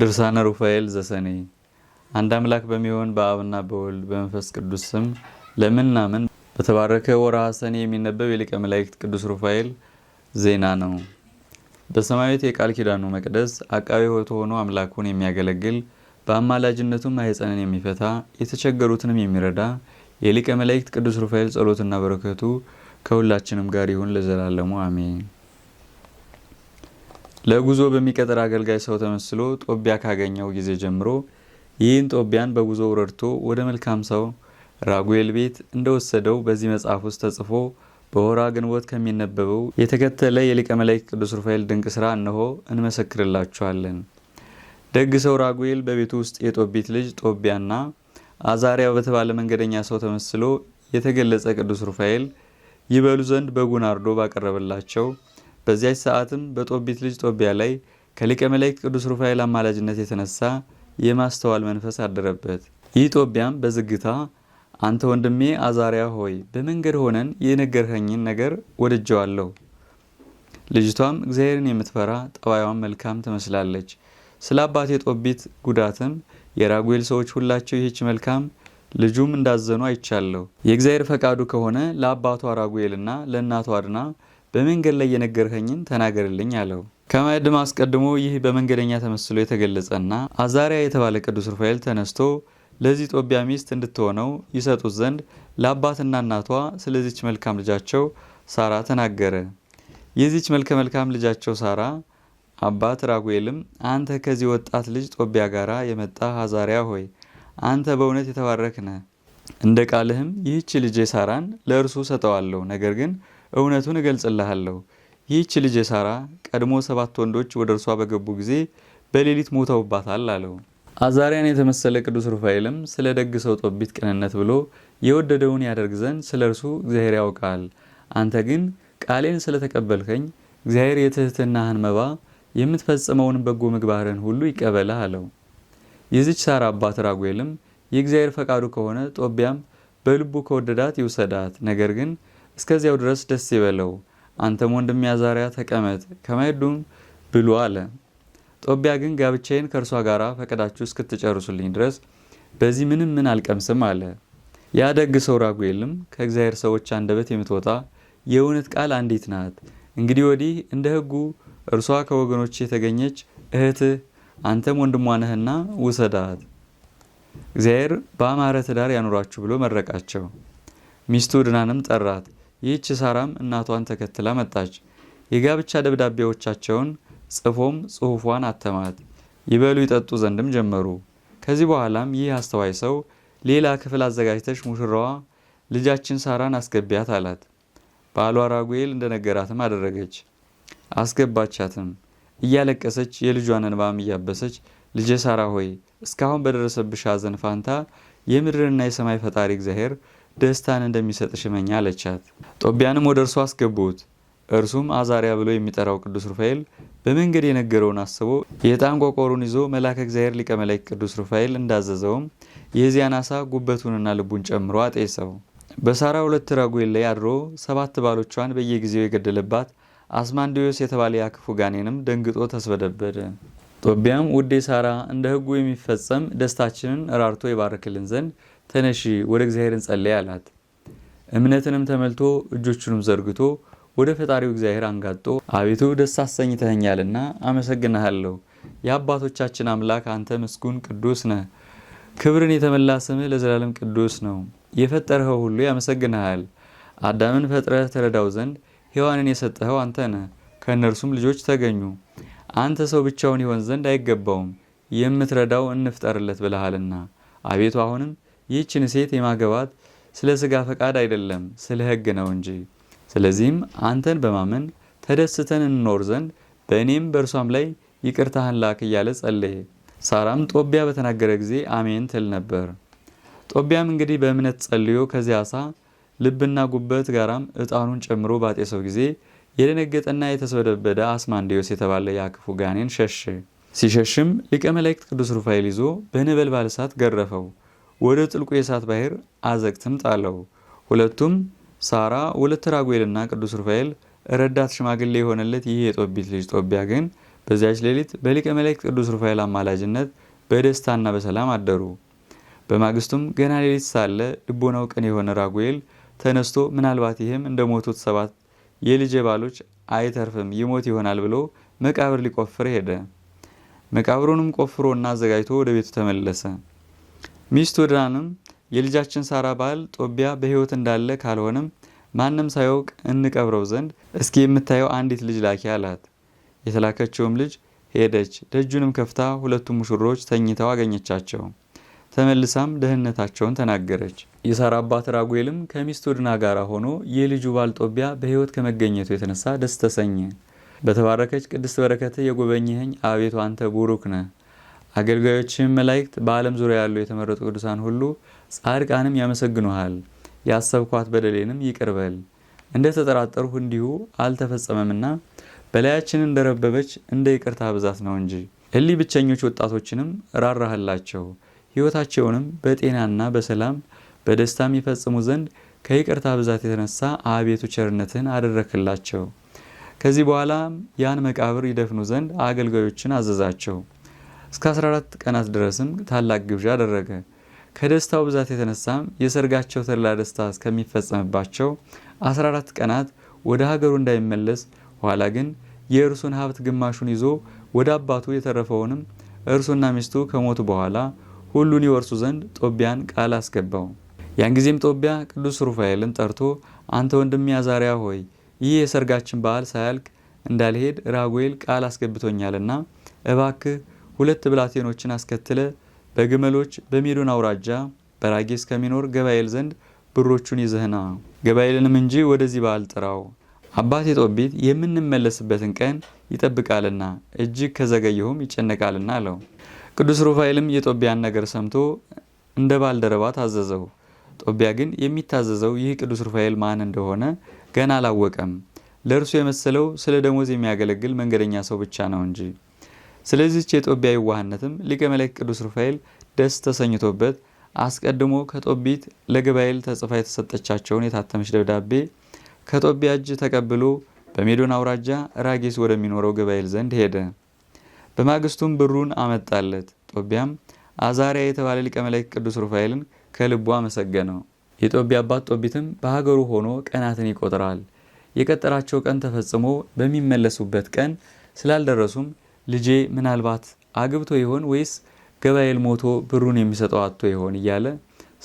ድርሳነ ሩፋኤል ዘሰኔ አንድ አምላክ በሚሆን በአብና በወልድ በመንፈስ ቅዱስ ስም ለምናምን በተባረከ ወርሃ ሰኔ የሚነበብ የሊቀ መላእክት ቅዱስ ሩፋኤል ዜና ነው። በሰማያዊት የቃል ኪዳኑ መቅደስ አቃቤ ሕይወት ሆኖ አምላኩን የሚያገለግል በአማላጅነቱም ማኅፀንን የሚፈታ የተቸገሩትንም የሚረዳ የሊቀ መላእክት ቅዱስ ሩፋኤል ጸሎትና በረከቱ ከሁላችንም ጋር ይሁን ለዘላለሙ አሜን። ለጉዞ በሚቀጥር አገልጋይ ሰው ተመስሎ ጦቢያ ካገኘው ጊዜ ጀምሮ ይህን ጦቢያን በጉዞው ረድቶ ወደ መልካም ሰው ራጉኤል ቤት እንደወሰደው በዚህ መጽሐፍ ውስጥ ተጽፎ በወራ ግንቦት ከሚነበበው የተከተለ የሊቀ መላእክት ቅዱስ ሩፋኤል ድንቅ ስራ እነሆ እንመሰክርላችኋለን። ደግ ሰው ራጉኤል በቤቱ ውስጥ የጦቢት ልጅ ጦቢያና አዛሪያ በተባለ መንገደኛ ሰው ተመስሎ የተገለጸ ቅዱስ ሩፋኤል ይበሉ ዘንድ በጉን አርዶ ባቀረበላቸው በዚያች ሰዓትም በጦቢት ልጅ ጦቢያ ላይ ከሊቀ መላእክት ቅዱስ ሩፋኤል አማላጅነት የተነሳ የማስተዋል መንፈስ አደረበት። ይህ ጦቢያም በዝግታ አንተ ወንድሜ አዛሪያ ሆይ በመንገድ ሆነን የነገርኸኝን ነገር ወድጀዋለሁ። ልጅቷም እግዚአብሔርን የምትፈራ ጠባይዋን መልካም ትመስላለች። ስለ አባቴ ጦቢት ጉዳትም የራጉኤል ሰዎች ሁላቸው ይህች መልካም ልጁም እንዳዘኑ አይቻለሁ። የእግዚአብሔር ፈቃዱ ከሆነ ለአባቷ ራጉኤልና ለእናቷ አድና በመንገድ ላይ የነገርከኝን ተናገርልኝ አለው። ከማዕድም አስቀድሞ ይህ በመንገደኛ ተመስሎ የተገለጸና አዛሪያ የተባለ ቅዱስ ሩፋኤል ተነስቶ ለዚህ ጦቢያ ሚስት እንድትሆነው ይሰጡት ዘንድ ለአባትና እናቷ ስለዚች መልካም ልጃቸው ሳራ ተናገረ። የዚች መልከ መልካም ልጃቸው ሳራ አባት ራጉኤልም አንተ ከዚህ ወጣት ልጅ ጦቢያ ጋራ የመጣ አዛሪያ ሆይ አንተ በእውነት የተባረክ እንደ ቃልህም ይህች ልጄ ሳራን ለእርሱ ሰጠዋለሁ ነገር ግን እውነቱን እገልጽልሃለሁ፣ ይህች ልጅ ሳራ ቀድሞ ሰባት ወንዶች ወደ እርሷ በገቡ ጊዜ በሌሊት ሞተውባታል አለው። አዛሪያን የተመሰለ ቅዱስ ሩፋኤልም ስለ ደግ ሰው ጦቢት ቅንነት ብሎ የወደደውን ያደርግ ዘንድ ስለ እርሱ እግዚአብሔር ያውቃል። አንተ ግን ቃሌን ስለተቀበልከኝ እግዚአብሔር የትህትናህን መባ የምትፈጽመውን በጎ ምግባርህን ሁሉ ይቀበልህ አለው። የዚች ሳራ አባት ራጉኤልም የእግዚአብሔር ፈቃዱ ከሆነ ጦቢያም በልቡ ከወደዳት ይውሰዳት፣ ነገር ግን እስከዚያው ድረስ ደስ ይበለው፣ አንተም ወንድሜ አዛርያ ተቀመጥ ከመሄዱም ብሎ አለ። ጦቢያ ግን ጋብቻዬን ከእርሷ ጋር ፈቀዳችሁ እስክትጨርሱልኝ ድረስ በዚህ ምንም ምን አልቀምስም አለ። ያ ደግ ሰው ራጉኤልም ከእግዚአብሔር ሰዎች አንደበት የምትወጣ የእውነት ቃል አንዲት ናት፣ እንግዲህ ወዲህ እንደ ሕጉ እርሷ ከወገኖች የተገኘች እህትህ አንተም ወንድሟ ነህና ውሰዳት፣ እግዚአብሔር በአማረ ትዳር ያኑራችሁ ብሎ መረቃቸው። ሚስቱ ድናንም ጠራት። ይህች ሳራም እናቷን ተከትላ መጣች። የጋብቻ ደብዳቤዎቻቸውን ጽፎም ጽሑፏን አተማት። ይበሉ ይጠጡ ዘንድም ጀመሩ። ከዚህ በኋላም ይህ አስተዋይ ሰው ሌላ ክፍል አዘጋጅተች ሙሽራዋ ልጃችን ሳራን አስገቢያት አላት። ባሏ ራጉኤል እንደነገራትም አደረገች። አስገባቻትም። እያለቀሰች የልጇን እንባም እያበሰች ልጄ ሳራ ሆይ እስካሁን በደረሰብሽ ሐዘን ፋንታ የምድርና የሰማይ ፈጣሪ እግዚአብሔር ደስታን እንደሚሰጥ ሽመኛ አለቻት። ጦቢያንም ወደ እርሱ አስገቡት። እርሱም አዛሪያ ብሎ የሚጠራው ቅዱስ ሩፋኤል በመንገድ የነገረውን አስቦ የዕጣን ቆቆሩን ይዞ መልአከ እግዚአብሔር ሊቀ መላእክት ቅዱስ ሩፋኤል እንዳዘዘውም የዚያን አሳ ጉበቱንና ልቡን ጨምሮ አጤሰው። በሳራ ሁለት ራጉኤል ላይ አድሮ ሰባት ባሎቿን በየጊዜው የገደለባት አስማንዲዮስ የተባለ ያ ጋኔንም ደንግጦ ተስበደበደ። ጦቢያም ውዴ ሳራ እንደ ሕጉ የሚፈጸም ደስታችንን ራርቶ ይባርክልን ዘንድ ተነሺ ወደ እግዚአብሔር እንጸልይ አላት። እምነትንም ተመልቶ እጆቹንም ዘርግቶ ወደ ፈጣሪው እግዚአብሔር አንጋጦ አቤቱ ደስ አሰኝተኸኛልና አመሰግንሃለሁ። የአባቶቻችን አምላክ አንተ ምስጉን ቅዱስ ነህ። ክብርን የተመላ ስምህ ለዘላለም ቅዱስ ነው። የፈጠርኸው ሁሉ ያመሰግንሃል። አዳምን ፈጥረህ ተረዳው ዘንድ ሔዋንን የሰጠኸው አንተ ነህ። ከእነርሱም ልጆች ተገኙ። አንተ ሰው ብቻውን ይሆን ዘንድ አይገባውም፣ የምትረዳው እንፍጠርለት ብለሃልና አቤቱ አሁንም ይህችን ሴት የማገባት ስለ ስጋ ፈቃድ አይደለም፣ ስለ ህግ ነው እንጂ። ስለዚህም አንተን በማመን ተደስተን እንኖር ዘንድ በእኔም በእርሷም ላይ ይቅርታህን ላክ እያለ ጸለየ። ሳራም ጦቢያ በተናገረ ጊዜ አሜን ትል ነበር። ጦቢያም እንግዲህ በእምነት ጸልዮ ከዚያ አሳ ልብና ጉበት ጋራም እጣኑን ጨምሮ ባጤሰው ጊዜ የደነገጠና የተሰወደበደ አስማንዴዎስ የተባለ የአክፉ ጋኔን ሸሸ። ሲሸሽም ሊቀ መላእክት ቅዱስ ሩፋኤል ይዞ በነበልባል እሳት ገረፈው። ወደ ጥልቁ የእሳት ባህር አዘቅትም ጣለው። ሁለቱም ሳራ ሁለት ራጉኤልና ቅዱስ ሩፋኤል ረዳት ሽማግሌ የሆነለት ይህ የጦቢት ልጅ ጦቢያ ግን በዚያች ሌሊት በሊቀ መላእክት ቅዱስ ሩፋኤል አማላጅነት በደስታና በሰላም አደሩ። በማግስቱም ገና ሌሊት ሳለ ልቦናው ቅን የሆነ ራጉኤል ተነስቶ ምናልባት ይህም እንደ ሞቱት ሰባት የልጄ ባሎች አይተርፍም ይሞት ይሆናል ብሎ መቃብር ሊቆፍር ሄደ። መቃብሩንም ቆፍሮና አዘጋጅቶ ወደ ቤቱ ተመለሰ። ሚስቱ ዳንም የልጃችን ሳራ ባል ጦቢያ በህይወት እንዳለ ካልሆነም ማንም ሳያውቅ እንቀብረው ዘንድ እስኪ የምታየው አንዲት ልጅ ላኪ አላት። የተላከችውም ልጅ ሄደች፣ ደጁንም ከፍታ ሁለቱም ሙሽሮች ተኝተው አገኘቻቸው። ተመልሳም ደህንነታቸውን ተናገረች። የሳራ አባት ራጉኤልም ከሚስቱ ድና ጋር ሆኖ የልጁ ባል ጦቢያ በህይወት ከመገኘቱ የተነሳ ደስ ተሰኘ። በተባረከች ቅድስት በረከት የጎበኝህኝ አቤቱ አንተ ቡሩክ ነህ አገልጋዮችም መላእክት፣ በዓለም ዙሪያ ያሉ የተመረጡ ቅዱሳን ሁሉ ጻድቃንም ያመሰግኑሃል። ያሰብኳት በደሌንም ይቅርበል እንደ ተጠራጠርሁ እንዲሁ አልተፈጸመምና በላያችን እንደረበበች እንደ ይቅርታ ብዛት ነው እንጂ። እሊ ብቸኞች ወጣቶችንም ራራህላቸው ሕይወታቸውንም በጤናና በሰላም በደስታም ይፈጽሙ ዘንድ ከይቅርታ ብዛት የተነሳ አቤቱ ቸርነትን አደረክላቸው። ከዚህ በኋላ ያን መቃብር ይደፍኑ ዘንድ አገልጋዮችን አዘዛቸው። እስከ 14 ቀናት ድረስም ታላቅ ግብዣ አደረገ። ከደስታው ብዛት የተነሳም የሰርጋቸው ተድላ ደስታ እስከሚፈጸምባቸው 14 ቀናት ወደ ሀገሩ እንዳይመለስ፣ ኋላ ግን የእርሱን ሀብት ግማሹን ይዞ ወደ አባቱ የተረፈውንም እርሱና ሚስቱ ከሞቱ በኋላ ሁሉን ይወርሱ ዘንድ ጦቢያን ቃል አስገባው። ያን ጊዜም ጦቢያ ቅዱስ ሩፋኤልን ጠርቶ አንተ ወንድም ያዛሪያ ሆይ ይህ የሰርጋችን በዓል ሳያልቅ እንዳልሄድ ራጉኤል ቃል አስገብቶኛልና እባክህ ሁለት ብላቴኖችን አስከትለ በግመሎች በሜዶን አውራጃ በራጌስ ከሚኖር ገባኤል ዘንድ ብሮቹን ይዘህና ገባኤልንም እንጂ ወደዚህ በዓል ጥራው፣ አባቴ ጦቢት የምንመለስበትን ቀን ይጠብቃልና እጅግ ከዘገየሁም ይጨነቃልና አለው። ቅዱስ ሩፋኤልም የጦቢያን ነገር ሰምቶ እንደ ባልደረባ ታዘዘው። ጦቢያ ግን የሚታዘዘው ይህ ቅዱስ ሩፋኤል ማን እንደሆነ ገና አላወቀም። ለእርሱ የመሰለው ስለ ደሞዝ የሚያገለግል መንገደኛ ሰው ብቻ ነው እንጂ ስለዚች የጦቢያ ዋህነትም ሊቀ መላእክት ቅዱስ ሩፋኤል ደስ ተሰኝቶበት አስቀድሞ ከጦቢት ለግባኤል ተጽፋ የተሰጠቻቸውን የታተመች ደብዳቤ ከጦቢያ እጅ ተቀብሎ በሜዶን አውራጃ ራጌስ ወደሚኖረው ግባኤል ዘንድ ሄደ። በማግስቱም ብሩን አመጣለት። ጦቢያም አዛሪያ የተባለ ሊቀ መላእክት ቅዱስ ሩፋኤልን ከልቡ አመሰገነው። የጦቢያ አባት ጦቢትም በሀገሩ ሆኖ ቀናትን ይቆጥራል። የቀጠራቸው ቀን ተፈጽሞ በሚመለሱበት ቀን ስላልደረሱም ልጄ ምናልባት አግብቶ ይሆን ወይስ ገባኤል ሞቶ ብሩን የሚሰጠው አጥቶ ይሆን እያለ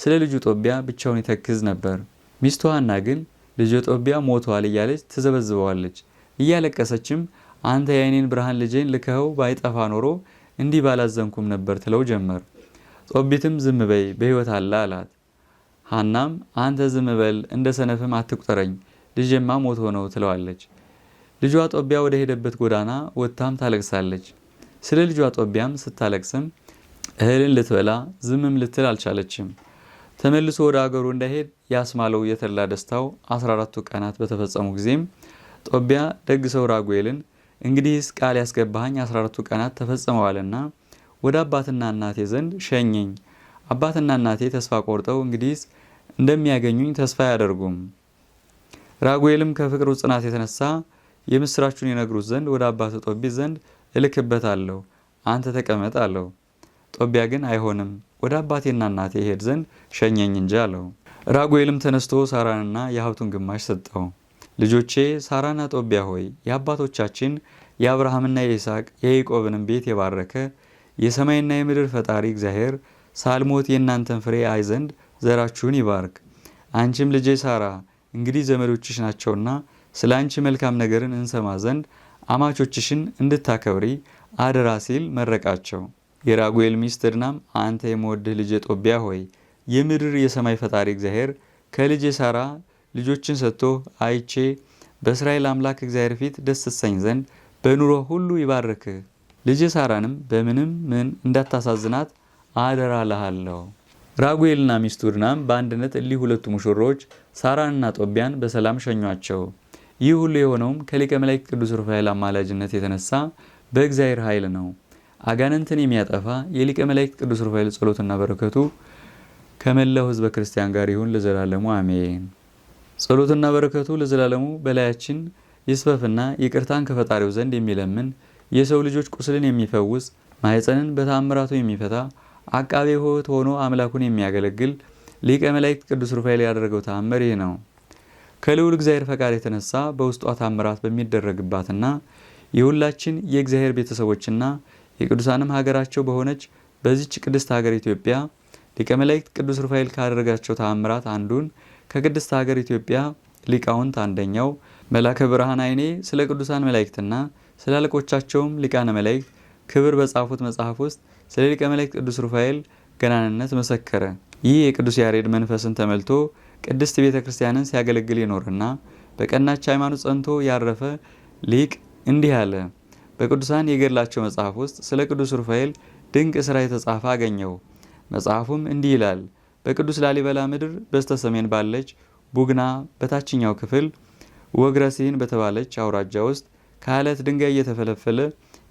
ስለ ልጁ ጦቢያ ብቻውን ይተክዝ ነበር። ሚስቱ ሐና ግን ልጅ ጦቢያ ሞቷል እያለች ትዘበዝበዋለች። እያለቀሰችም አንተ የአይኔን ብርሃን ልጄን ልከኸው ባይጠፋ ኖሮ እንዲህ ባላዘንኩም ነበር ትለው ጀመር። ጦቢትም ዝም በይ በሕይወት አለ አላት። ሐናም አንተ ዝም በል እንደ ሰነፍም አትቁጠረኝ ልጄማ ሞቶ ነው ትለዋለች። ልጇ ጦቢያ ወደ ሄደበት ጎዳና ወጥታም ታለቅሳለች። ስለ ልጇ ጦቢያም ስታለቅስም እህልን ልትበላ ዝምም ልትል አልቻለችም። ተመልሶ ወደ አገሩ እንዳይሄድ ያስማለው የተላ ደስታው 14ቱ ቀናት በተፈጸሙ ጊዜም ጦቢያ ደግ ሰው ራጉኤልን እንግዲህስ ቃል ያስገባኸኝ 14ቱ ቀናት ተፈጽመዋልና ወደ አባትና እናቴ ዘንድ ሸኘኝ። አባትና እናቴ ተስፋ ቆርጠው እንግዲህስ እንደሚያገኙኝ ተስፋ አያደርጉም። ራጉኤልም ከፍቅሩ ጽናት የተነሳ የምስራቹን ይነግሩት ዘንድ ወደ አባቱ ጦቢ ዘንድ እልክበታለሁ፣ አንተ ተቀመጥ አለው። ጦቢያ ግን አይሆንም፣ ወደ አባቴና እናቴ ይሄድ ዘንድ ሸኘኝ እንጂ አለው። ራጉኤልም ተነስቶ ሳራንና የሀብቱን ግማሽ ሰጠው። ልጆቼ ሳራና ጦቢያ ሆይ የአባቶቻችን የአብርሃምና የይስሐቅ የያዕቆብንም ቤት የባረከ የሰማይና የምድር ፈጣሪ እግዚአብሔር ሳልሞት የእናንተን ፍሬ አይ ዘንድ ዘራችሁን ይባርክ። አንቺም ልጄ ሳራ እንግዲህ ዘመዶችሽ ናቸውና ስለ አንቺ መልካም ነገርን እንሰማ ዘንድ አማቾችሽን እንድታከብሪ አደራ ሲል መረቃቸው። የራጉኤል ሚስት ድናም አንተ የምወድህ ልጄ ጦቢያ ሆይ የምድር የሰማይ ፈጣሪ እግዚአብሔር ከልጄ ሳራ ልጆችን ሰጥቶ አይቼ በእስራኤል አምላክ እግዚአብሔር ፊት ደስ ትሰኝ ዘንድ በኑሮ ሁሉ ይባርክህ። ልጄ ሳራንም በምንም ምን እንዳታሳዝናት አደራ ልሃለሁ። ራጉኤልና ሚስቱ ድናም በአንድነት እሊህ ሁለቱ ሙሽሮች ሳራንና ጦቢያን በሰላም ሸኟቸው። ይህ ሁሉ የሆነውም ከሊቀ መላእክት ቅዱስ ሩፋኤል አማላጅነት የተነሳ በእግዚአብሔር ኃይል ነው። አጋንንትን የሚያጠፋ የሊቀ መላእክት ቅዱስ ሩፋኤል ጸሎትና በረከቱ ከመላው ሕዝበ ክርስቲያን ጋር ይሁን ለዘላለሙ አሜን። ጸሎትና በረከቱ ለዘላለሙ በላያችን ይስፈፍና ይቅርታን ከፈጣሪው ዘንድ የሚለምን የሰው ልጆች ቁስልን የሚፈውስ ማህፀንን በተአምራቱ የሚፈታ አቃቤ ሕይወት ሆኖ አምላኩን የሚያገለግል ሊቀ መላእክት ቅዱስ ሩፋኤል ያደረገው ተአምር ይህ ነው። ከልዑል እግዚአብሔር ፈቃድ የተነሳ በውስጧ ታምራት በሚደረግባትና የሁላችን የእግዚአብሔር ቤተሰቦችና የቅዱሳንም ሀገራቸው በሆነች በዚች ቅድስት ሀገር ኢትዮጵያ ሊቀ መላእክት ቅዱስ ሩፋኤል ካደረጋቸው ታምራት አንዱን ከቅድስት ሀገር ኢትዮጵያ ሊቃውንት አንደኛው መላከ ብርሃን አይኔ ስለ ቅዱሳን መላእክትና ስለ አለቆቻቸውም ሊቃነ መላእክት ክብር በጻፉት መጽሐፍ ውስጥ ስለ ሊቀ መላእክት ቅዱስ ሩፋኤል ገናንነት መሰከረ። ይህ የቅዱስ ያሬድ መንፈስን ተመልቶ ቅድስት ቤተ ክርስቲያንን ሲያገለግል ይኖርና በቀናች ሃይማኖት ጸንቶ ያረፈ ሊቅ እንዲህ አለ። በቅዱሳን የገድላቸው መጽሐፍ ውስጥ ስለ ቅዱስ ሩፋኤል ድንቅ ስራ የተጻፈ አገኘው። መጽሐፉም እንዲህ ይላል። በቅዱስ ላሊበላ ምድር በስተ ሰሜን ባለች ቡግና በታችኛው ክፍል ወግረሲን በተባለች አውራጃ ውስጥ ከአለት ድንጋይ እየተፈለፈለ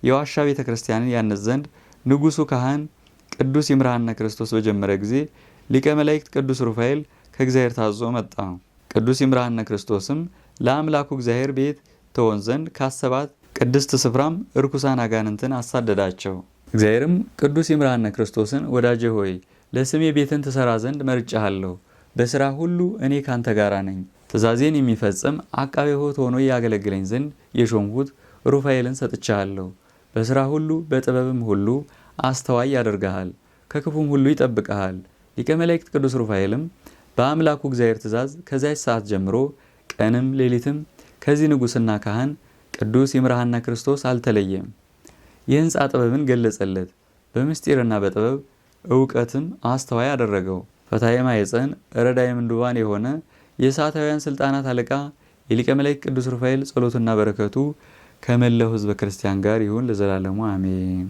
የዋሻ ቤተ ክርስቲያንን ያነጽ ዘንድ ንጉሱ ካህን ቅዱስ ይምርሃነ ክርስቶስ በጀመረ ጊዜ ሊቀ መላእክት ቅዱስ ሩፋኤል ከእግዚአብሔር ታዞ መጣ። ቅዱስ ይምርሃነ ክርስቶስም ለአምላኩ እግዚአብሔር ቤት ትሆን ዘንድ ካሰባት ቅድስት ስፍራም እርኩሳን አጋንንትን አሳደዳቸው። እግዚአብሔርም ቅዱስ ይምርሃነ ክርስቶስን ወዳጄ ሆይ ለስሜ ቤትን ትሰራ ዘንድ መርጫሃለሁ። በሥራ ሁሉ እኔ ካንተ ጋር ነኝ። ትእዛዜን የሚፈጽም አቃቤ ሆት ሆኖ ያገለግለኝ ዘንድ የሾምሁት ሩፋኤልን ሰጥቻሃለሁ። በሥራ ሁሉ በጥበብም ሁሉ አስተዋይ ያደርግሃል፣ ከክፉም ሁሉ ይጠብቀሃል። ሊቀ መላእክት ቅዱስ ሩፋኤልም በአምላኩ እግዚአብሔር ትእዛዝ ከዚያች ሰዓት ጀምሮ ቀንም ሌሊትም ከዚህ ንጉሥና ካህን ቅዱስ ይምርሃና ክርስቶስ አልተለየም። የሕንፃ ጥበብን ገለጸለት። በምስጢርና በጥበብ እውቀትም አስተዋይ አደረገው። ፈታየ ማየፀን ረዳይ ምንዱባን የሆነ የሰዓታውያን ስልጣናት አለቃ የሊቀ መላእክት ቅዱስ ሩፋኤል ጸሎትና በረከቱ ከመላው ሕዝበ ክርስቲያን ጋር ይሁን ለዘላለሙ አሜን።